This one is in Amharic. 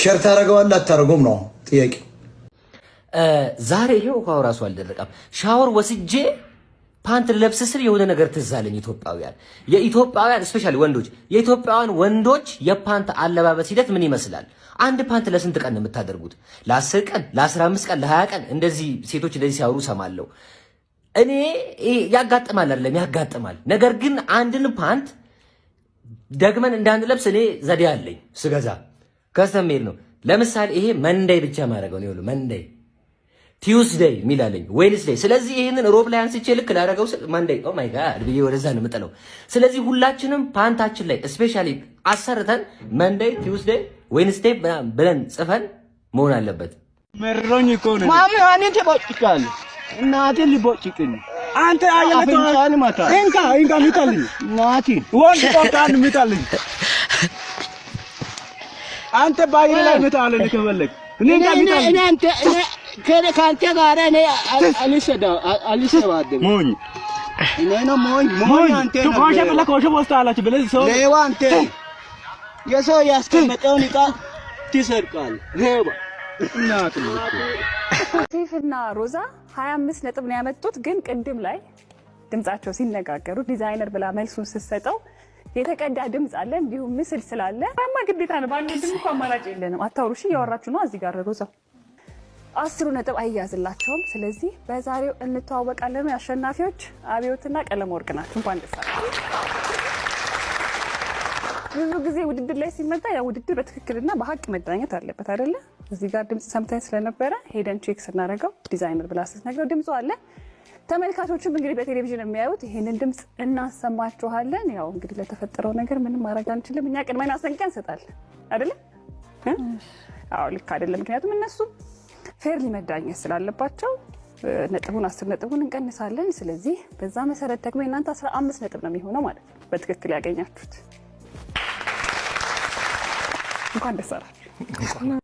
ሸር ታደርገዋለህ አታደርጉም ነው ጥያቄ። ዛሬ ይሄ ውሃው ራሱ አልደረቀም። ሻወር ወስጄ ፓንት ለብስ ስል የሆነ ነገር ትዝ አለኝ። ኢትዮጵያውያን የኢትዮጵያውያን ስፔሻሊ ወንዶች የኢትዮጵያውያን ወንዶች የፓንት አለባበስ ሂደት ምን ይመስላል? አንድ ፓንት ለስንት ቀን ነው የምታደርጉት? ለአስር ቀን፣ ለ አምስት ቀን፣ ለሀያ ቀን? እንደዚህ ሴቶች እንደዚህ ሲያወሩ ሰማለሁ እኔ። ያጋጥማል አይደለም ያጋጥማል። ነገር ግን አንድን ፓንት ደግመን እንዳንለብስ እኔ ዘዴ አለኝ ስገዛ ከስተሜል ነው። ለምሳሌ ይሄ መንዳይ ብቻ ማድረገው ነው። መንዳይ ቲዩስዴይ የሚል አለኝ ዌንስዴይ። ስለዚህ ይህንን ሮብ ላይ አንስቼ ልክ ላደረገው መንዳይ ኦ ማይ ጋድ ብዬ ወደዛ ነው የምጥለው። ስለዚህ ሁላችንም ፓንታችን ላይ ስፔሻሊ አሰርተን መንዳይ፣ ቲዩስዴይ፣ ዌንስዴይ ብለን ጽፈን መሆን አለበት። መረኝ እኮ ነው ማሚ አኔ ተቦጭቃል እናቴ ሊቦጭቅኝ አንተ አየለ ተንቻን ማታ እንካ እንካ ምጣልኝ ናቲ ወንድ ቆጣን ምጣልኝ አንተ ባይሬ ላይ መታለህ ከፈለክ እኔ ጋር ምታለህ እኔ አንተ ጋር እኔ ሞኝ እኔ ነው ሞኝ ሞኝ አንተ ነው ሰው አንተ ሮዛ 25 ነጥብ ነው ያመጡት። ግን ቅድም ላይ ድምጻቸው ሲነጋገሩ ዲዛይነር ብላ መልሱን ስትሰጠው የተቀዳ ድምፅ አለ እንዲሁም ምስል ስላለ ማማ ግዴታ ነው። በአንድ ድም እኮ አማራጭ የለንም። አታውሩ እሺ፣ እያወራችሁ ነው። እዚህ ጋር አስሩ ነጥብ አይያዝላቸውም። ስለዚህ በዛሬው እንተዋወቃለን። አሸናፊዎች አብዮትና ቀለም ወርቅ ናቸው። እንኳን ደስ ብዙ ጊዜ ውድድር ላይ ሲመጣ ያ ውድድር በትክክልና በሀቅ መዳኘት አለበት አይደለ? እዚህ ጋር ድምፅ ሰምተን ስለነበረ ሄደን ቼክ ስናደርገው ዲዛይነር ብላ ስትነግረው ድምፁ አለ ተመልካቾችም እንግዲህ በቴሌቪዥን የሚያዩት ይህንን ድምፅ እናሰማችኋለን። ያው እንግዲህ ለተፈጠረው ነገር ምንም ማድረግ አንችልም። እኛ ቅድመ ማስጠንቀቂያ እንሰጣለን አይደለ? አዎ ልክ አይደለም። ምክንያቱም እነሱ ፌርሊ መዳኘት ስላለባቸው ነጥቡን አስር ነጥቡን እንቀንሳለን። ስለዚህ በዛ መሰረት ደግሞ የእናንተ አስራ አምስት ነጥብ ነው የሚሆነው ማለት ነው በትክክል ያገኛችሁት። እንኳን ደስ አላችሁ።